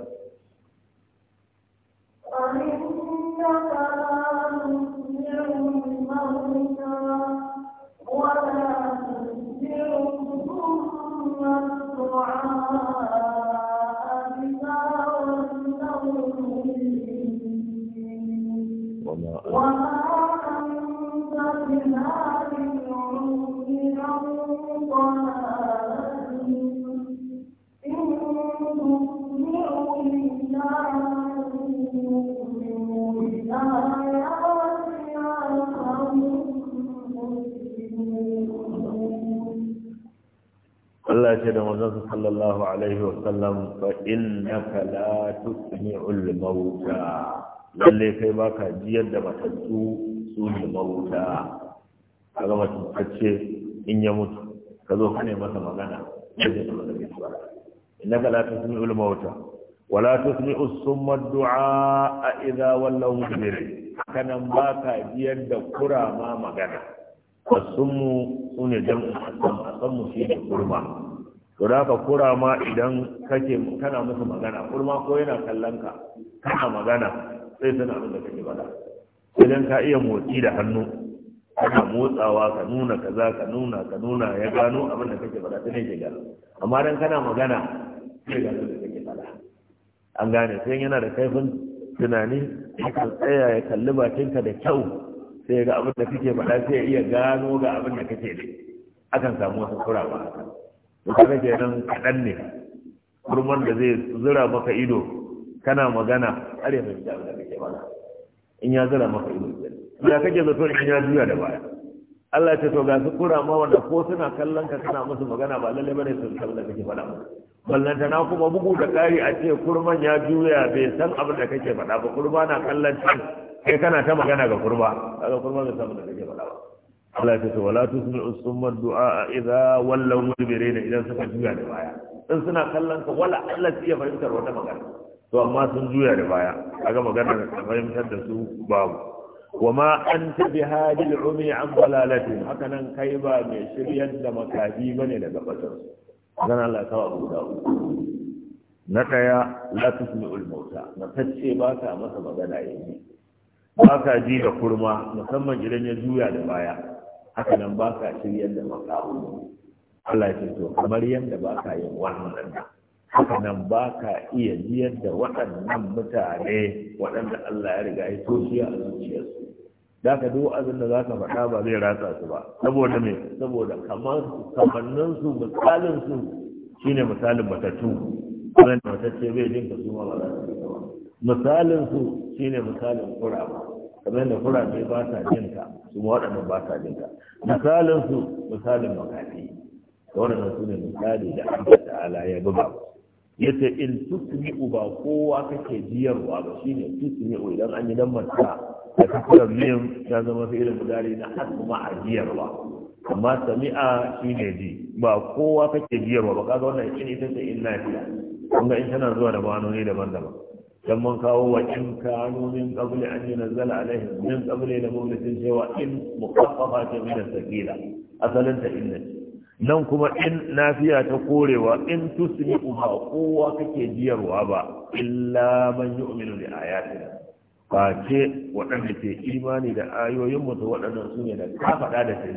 Allah ce da manzon sallallahu alaihi wa sallam fa innaka la tusmi'ul mauta lalle kai baka jiyar da matattu su ne mauta kaga matacce in ya mutu ka zo kane masa magana sai da magana innaka la tusmi'ul mauta wala tusmi'u summa du'a idza wallaw mudbirin kanan baka jiyar da kura ma magana asummu sune jam'u asam asammu shi ne kurma to da ka kura ma idan kake kana musu magana kurma ko yana kallon ka kana magana sai suna abin da kake faɗa idan ka iya motsi da hannu kana motsawa ka nuna kaza ka nuna ka nuna ya gano abin da kake faɗa sai ke gano amma dan kana magana sai gano da kake faɗa an gane sai yana da kaifin tunani yakan tsaya ya kalli bakinka da kyau sai ga abin da kake faɗa sai ya iya gano ga abin da kake da akan samu wasu kurawa to ke kenan kaɗan ne kurman da zai zura maka ido kana magana har ya fahimta abin da kake magana in ya zura maka ido kenan ya kake zato in ya juya da baya Allah ce to ga su kura ma wanda ko suna kallon ka kana musu magana ba lalle bane su san da kake faɗa musu ballanta na kuma bugu da ƙari a ce kurman ya juya bai san abin da kake faɗa ba kurba na kallon kai kana ta magana ga kurba kaga kurma bai san abin da kake faɗa ba Allah ta ce wa la tusmi usumma du'a idza wallaw mudbirina idan suka juya da baya in suna kallon ka wala Allah ya fahimtar wata magana to amma sun juya da baya aga magana da fahimtar da su babu wa ma anta bi hadhihi al-umi an dalalatin haka nan kai ba mai shiryar da makafi bane daga fatar dan Allah ta wabu da na kaya la tusmi al-mauta na tace ba ta masa magana yayi ba ka ji da kurma musamman gidan ya juya da baya haka nan ba ka shiryar da makamu Allah ya ce to kamar yadda ba ka yin wannan haka nan ba ka iya jiyar da waɗannan mutane waɗanda Allah ya riga ya toshiya a zuciyarsu da ka duk abin da za ka faɗa ba zai ratsa su ba saboda me saboda kamar kamannin su misalin su shine misalin matattu wannan da matacce bai jin ka suma ba za su ba misalin su shine misalin kurama kamar da kurabe ba sa jin ka kuma waɗannan ba sa jinka misalin su misalin makafi waɗannan su ne misali da Allah ta'ala ya buga yace in tusmi ba kowa kake jiyarwa ba shine tusmi'u idan an yi dan masa da kafarar miyan ta zama irin mudari na hasma a jiyarwa amma sami'a shine ji ba kowa kake jiyarwa ba kaga wannan shine ita ce in fiya kun ga in tana zuwa da ne daban-daban dan mun kawo wa in kanu min qabli an yunzala alaihi min qabli la mublatin cewa in muqaffafa ta min sakila asalinta ta inna nan kuma in nafiya ta korewa in tusmi ba kowa kake jiyarwa ba illa man yu'minu bi ayatina ce waɗanda ke imani da ayoyin mutu waɗannan su ne da ka faɗa da sai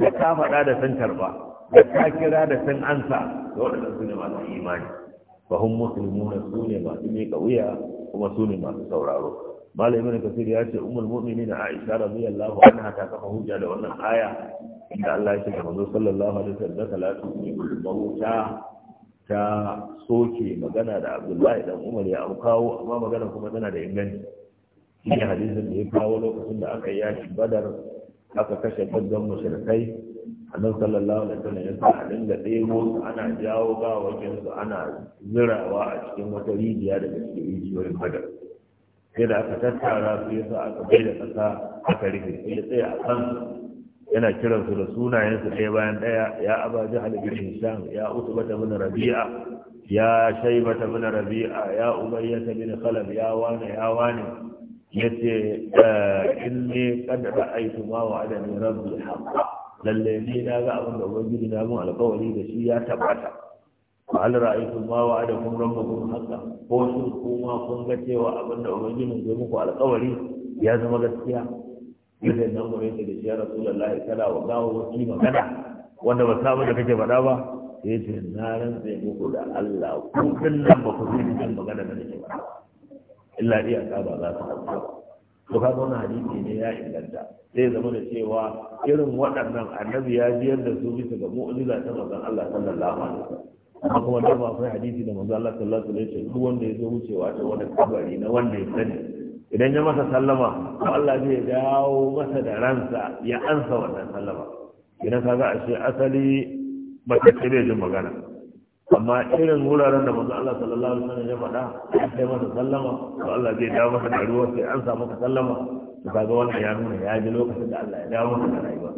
da ka faɗa da san tarba, da ka kira da san ansa da waɗannan su ne masu imani Fahim hum su ne masu miƙa wuya kuma su ne masu sauraro Malamin ibn kasir ya ce Umar mumini na aisha radiyallahu anha ta kafa hujja da wannan aya inda Allah ya ce ga manzo sallallahu alaihi wasallam salatu mawuta ta soke magana da Abdullahi dan Umar ya aukawo amma magana kuma tana da inganci shi hadisin da ya kawo lokacin da aka yi yakin Badar aka kashe gaggan mushrikai annan sallallahu alaihi wasallam ya sa a dinga ɗebo su ana jawo gawakin su ana zirawa a cikin wata rijiya daga cikin rijiyoyin badar sai da aka tattara su ya sa aka bai da ƙasa aka rufe sai ya tsaya a kan yana kiran su da sunayen su ɗaya bayan ɗaya ya abaji halibin hisham ya Bata min rabi'a ya Bata min rabi'a ya umayyata min khalab ya wani ya wani yace eh, inni qad ra'aytu ma wa'adani rabbi haqqan lalle ne na ga abin da ubangiji na mun alkawari da shi ya tabbata fa al ra'aytu ma ramba rabbukum haqqan ko shi kuma kun ga cewa abin da ubangiji ya muku alkawari ya zama gaskiya yadda nan gore da shi ya rasulullahi sallallahu alaihi wa sallam wa yi magana wanda ba saba da kake faɗa ba sai ce na rantsa muku da Allah ku nan ba ku yi magana da nake ba illa a ba za ka haɗu to kaga wannan hadisi ne ya inganta zai zama da cewa irin waɗannan annabi ya biyar da su bisa ga mu'ujiza ta manzon Allah sallallahu alaihi wasallam amma kuma da ba akwai hadisi da manzon Allah sallallahu alaihi wasallam duk wanda ya zo wucewa ta wani kabari na wanda ya sani idan ya masa sallama to Allah zai dawo masa da ransa ya ansa wannan sallama idan kaga ashe asali ba ta bai jin magana amma irin wuraren da manzo Allah sallallahu alaihi wasallam ya faɗa sai masa sallama to Allah zai dawo masa da ruwa sai an samu ka sallama to kaga wannan ya nuna ya ji lokacin da Allah ya dawo masa da rayuwa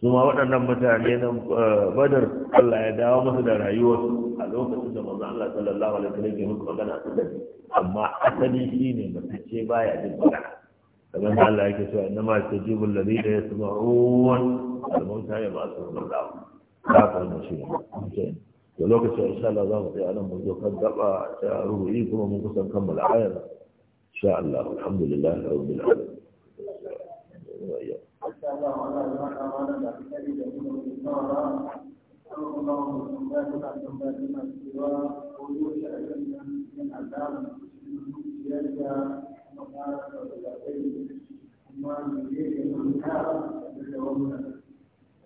su ma waɗannan mutane na eh, badar Allah ya dawo masa da rayuwa a lokacin da manzo Allah sallallahu alaihi wasallam ya muku magana a cikin amma asali shine mutacce baya jin magana kamar da Allah yake cewa innama tajibul ladina yasma'un al-mauta da Allah ka fahimci ne da lokacin insha Allah za mu tsaya nan mu zo kan gaba ta rubu'i kuma mun kusan kammala ayar insha Allah alhamdulillah rabbil alamin Thank you.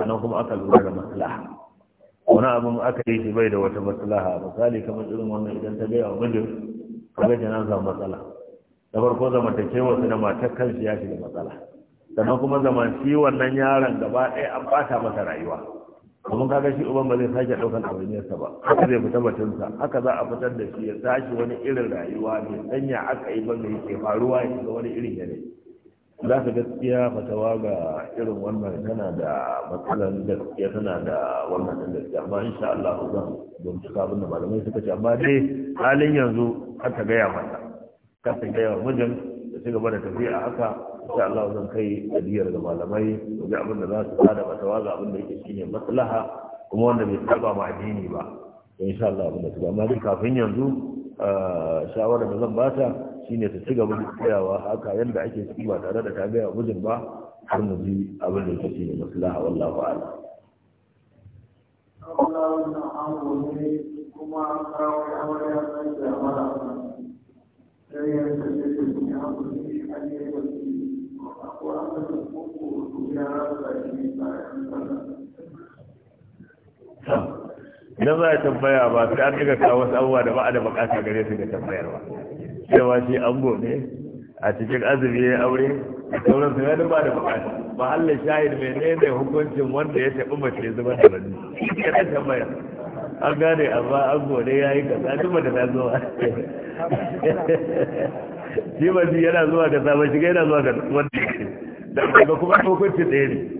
sannan kuma aka lura da maslaha wani abin aka yi shi bai da wata maslaha misali kamar irin wannan idan ta gaya wa mijin gaji jana za matsala da farko zamantakewa su da matar kansu ya shiga matsala sannan kuma zama shi wannan yaron gaba ɗaya an ɓata masa rayuwa Kuma ka kaga shi uban ba zai sake ɗaukar ɗawainiyarsa ba haka zai fita batunsa haka za a fitar da shi ya tashi wani irin rayuwa mai sanya aka yi ba mai ke faruwa ya shiga wani irin yanayi za ka gaskiya fatawa ga irin wannan tana da matsalan gaskiya tana da wannan ɗin gaskiya amma insha Allah zan bincika abin da malamai suka ce amma dai halin yanzu har ta gaya mata ka ta gaya wa mijin da ci gaba da tafiya haka insha Allah zan kai adiyar ga malamai ga abin da za su bada fatawa ga abin da yake shine maslaha kuma wanda bai saba ma addini ba insha Allah abin da su amma dai kafin yanzu eh, shawara da zan bata ne ta ci gaba da tsayawa haka yadda ake ciki ba tare da ta gaya mijin ba har mu ji abin da yake ne maslaha wallahu a'lam kuma kawo aure a kan jama'a sai yanzu da ke cikin hankali a ne wasu Thank you. idan za a tambaya ba sai an daga kawo wasu abubuwa da ba a da bukata gare su ga tambayarwa cewa shi an gobe a cikin azumi ya aure sauran su yana ba da bukata ba Allah shahid mai ne ne hukuncin wanda ya taɓi mace ya da bani ya ta tambaya an gane amma an gobe ya yi kasa duk da ta zuwa shi ba shi yana zuwa kasa ba shi yana zuwa kasa wanda ya ce da kuma hukuncin ɗaya ne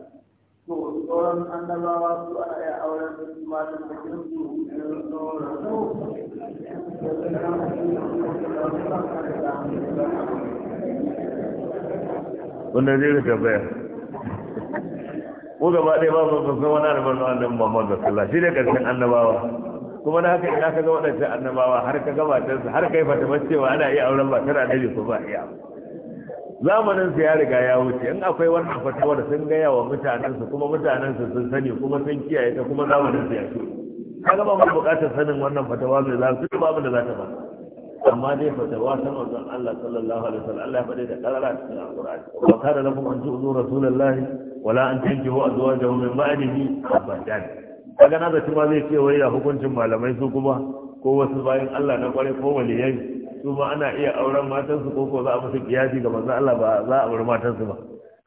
to sauran ba su ana iya auren da su matan da kin su wanda zai rika bayar ko gaba ɗaya ba ba san wani annabar na annabi Muhammad sallallahu alaihi shi ne karshen annabawa kuma na haka ina ka ga waɗancan annabawa har ka gabatar har kai fata cewa ana iya auren ba tana annabi ko ba iya zamanin su ya riga ya wuce in akwai wannan fatawar sun gaya wa mutanen su kuma mutanen su sun sani kuma sun kiyaye ta kuma zamanin su ya ce kaga ba mu buƙatar sanin wannan fatawa mai za su babu da za ta ba amma dai fatawa ta wannan Allah sallallahu alaihi wasallam Allah ya faɗi da karara cikin alqur'ani wa kana lakum an tu'zu rasulullahi wala an tankihu azwajahu min ba'dihi abadan kaga na da ma zai ce wai ya hukuncin malamai su kuma ko wasu bayan Allah na kware ko waliyai su ma ana iya auren matansu ko ko za a musu kiyasi ga manzo Allah ba za a aure matansu ba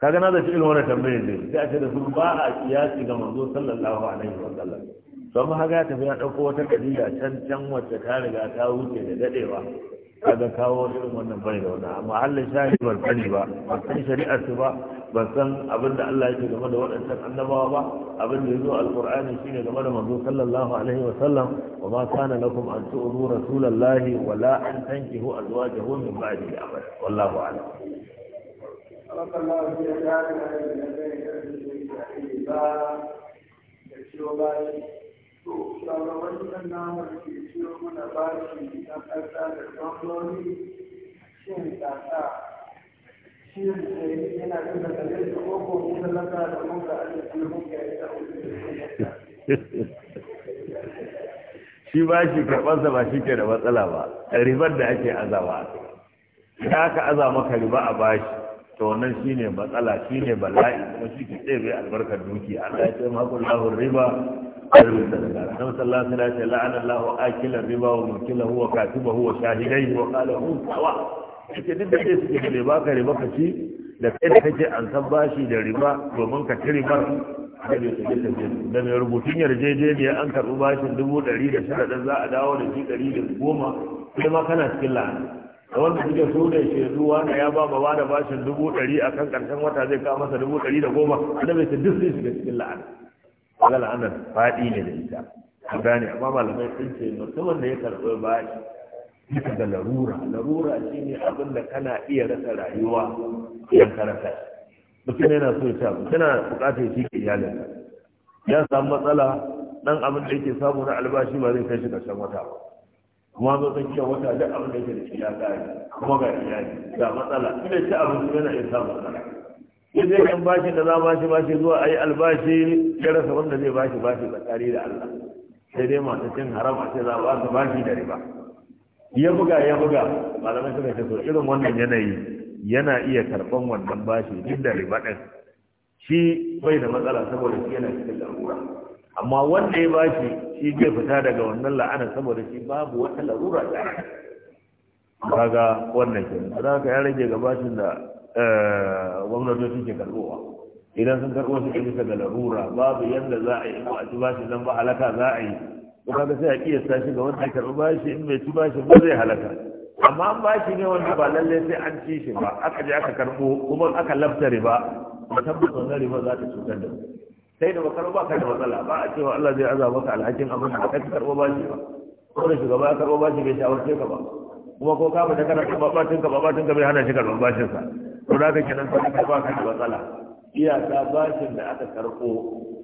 kaga na zaci irin wannan tambayar ne sai a ce da su ba a kiyasi ga manzo sallallahu alaihi wa sallam to haka ya tafi ya dauko wata kadida can can wacce ta riga ta wuce da dadewa kaga kawo irin wannan bai da wannan amma Allah shahi bar bari ba ba san shari'ar su ba ba san abin da Allah yake game da waɗancan annabawa ba abin da ya yazo shi ne game da manzo sallallahu alaihi wa sallam wa ma kana lakum an tu'ru rasulallahi wa la an tankihu azwajahu min ba'di abad wallahu a'lam to shugabannin nan da ke ciyo mana bashi na ƙasa da gwamnoni shin tsasa shi da muka yi shi ba shi karɓarsa ba shi ke da matsala ba ribar da ake azawa ya ka aza maka riba a bashi to wannan shine matsala shine bala'i kuma shi ke tsaye albarkar dukiya Allah ya ce maqul lahu riba arbi sadaka dan sallallahu alaihi wa sallam la'ana Allahu akila riba wa mukilahu huwa katibahu huwa shahidai wa qala huwa kake duk da ke suke da riba ka riba ka ci da kai da kake an san bashi da riba domin ka ci ribar da bai suke tafiya da mai rubutun yarjejeniya an karɓi bashin dubu ɗari da shida ɗan za a dawo da shi ɗari da goma sai ma kana cikin la'ana da wanda suke so da shi zuwa da ya ba ba ba da bashin dubu ɗari a kan ƙarshen wata zai kawo masa dubu ɗari da goma da bai su duk sai shiga cikin la'ana kaga la'anar faɗi ne da ita a gane amma malamai sun ce mutumin da ya karɓi bashi bisa ga larura larura shi ne abin da kana iya rasa rayuwa yan ka mutum yana so ya samu abu bukatar shi ke iyalinsa ya samu matsala dan abin da yake samu na albashi ba zai kai shi karshen wata ba kuma zo san cewa wata duk abin da yake da shi ya kare kuma ga iyali ga matsala ina ci abinci yana iya samu matsala in zai kan bashi da za bashi bashi zuwa ayi albashi ya rasa wanda zai bashi bashi tsakari da Allah sai dai masu cin haram a ce za ba su bashi da riba ya buga ya buga malamai suka ce to irin wannan yanayi yana iya karban wannan bashi duk da riba din shi bai da matsala saboda shi yana cikin larura amma wanda ya bashi shi zai fita daga wannan la'ana saboda shi babu wata larura da kaga wannan ke da haka ya rage ga bashin da eh, gwamnatoci ke karbowa idan sun karbo su bisa ga larura babu yadda za a yi ko a ci bashi zan ba halaka za a yi wanda sai a kiyasta shi ga wanda ya karɓi bashi in mai ci bashi ba zai halaka amma an bashi ne wanda ba lallai sai an ci shi ba aka je aka karɓo kuma aka lafta riba ba tabbata wannan riba za ta cutar da sai da bakar ba ka da matsala ba a cewa Allah zai azaba ka alhakin abin da ka karɓo bashi ba ko da shugaba ya karɓo bashi bai shawarce ka ba kuma ko ka fita kana karɓa bashin ka ba bashin ka bai hana shi karɓar bashin sa to da kake nan sai ka ba ka da matsala iyaka bashin da aka karɓo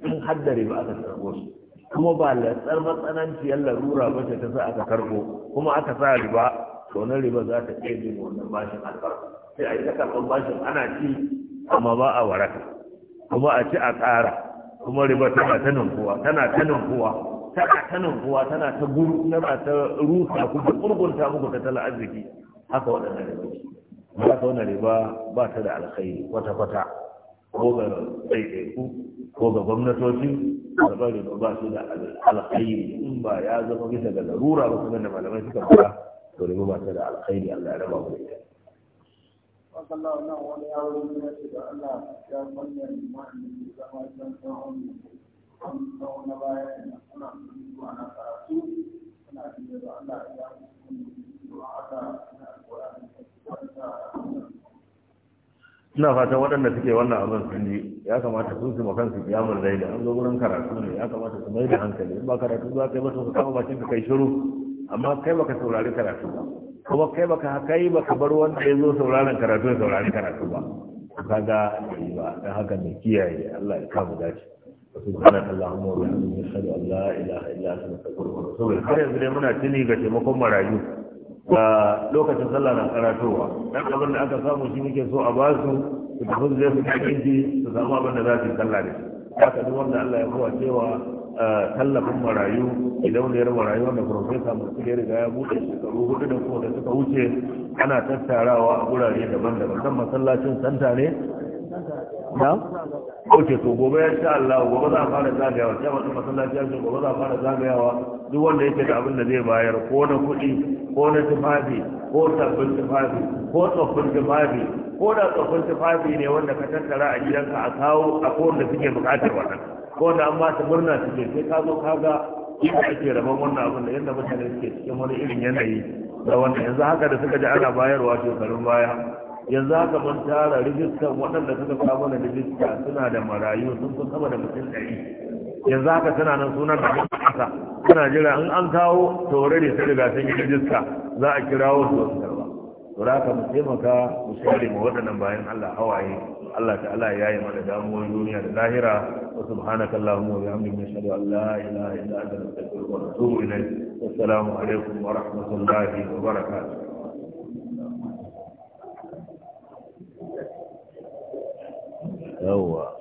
in haddare ba aka karɓo shi kuma ba latsar matsananciyar larura ba ta sa aka karbo kuma aka sa riba to na riba za ta iya jin wannan bashin albarka sai a yi ta karɓar bashin ana ci amma ba a waraka kuma a ci a ƙara kuma riba tana ta ninkuwa tana ta ninkuwa tana ta ninkuwa tana ta guru tana ta rusa ku ta kurgunta muku tala arziki haka waɗannan riba ba ta wannan riba ba ta da alkhairi kwata-kwata ko ga ɗaiɗaiku ko ga gwamnatoci da ba su da alkhairi in ba ya zama bisa ga larura ba kuma da malamai suka fara to da ba ta da alkhairi Allah ya raba mu da ita sallallahu alaihi wani yaro ya ce da Allah ya fanya ma'anin zama can tsawon an tsawon na baya da suna zuwa na karatu da Allah ya yi su a wani. ina fatan waɗanda suke wannan abin sun yi ya kamata sun su makan su kiyamun laila an zo karatu ne ya kamata su mai da hankali in ba karatu za ka yi masa su kama bakin su kai shiru amma kai baka saurari karatu ba kuma kai baka kai baka bar wanda ya zo sauraron karatu ya saurari karatu ba kaga yi ba dan haka mai kiyaye Allah ya kama dace subhanak allahumma wa bihamdika ashhadu an la ilaha illa anta astaghfiruka wa atubu ilaik har yanzu dai muna tuni ga taimakon marayu lokacin sallah na karatowa dan abin da aka samu shi muke so a basu su tafi su zai fita kinji su samu abin da za su sallah da shi haka duk wanda Allah ya kowa cewa eh, tallafin marayu idan wani yaro marayu wanda profesa masu ya riga ya buɗe shekaru hudu da kuma da suka wuce ana tattarawa a gurare daban-daban dan masallacin santa ne na kauce to gobe ya sha Allah gobe za a fara zagayawa sai masu masallaci ya gobe za a fara zagayawa duk wanda yake da abin da zai bayar ko na kuɗi ko na tufafi ko sabbin tufafi ko tsoffin tufafi ko da tsoffin tufafi ne wanda ka tattara a gidanka a kawo a kowanne suke buƙatar wannan ko da an ba ta murna suke sai ka zo ka ga inda ake rabon wannan abin da yadda mutane suke cikin wani irin yanayi da wanda yanzu haka da suka ji ana bayarwa shekarun baya yanzu haka mun tara rijistar waɗanda suka samu na rijista suna da marayu sun fi sama da mutum ɗari yanzu haka suna nan sunan da kuma ƙasa suna jira in an kawo taurari su riga sun yi rijista za a kirawo su wasu karba to da haka mu taimaka mu share mu waɗannan bayan Allah hawaye Allah ta'ala ya yi mana damuwar duniya da lahira wa subhanaka allahumma wa bihamdika nashhadu an la ilaha illa anta nastaghfiruka wa natubu ilayk assalamu alaikum wa rahmatullahi wa barakatuh yawwa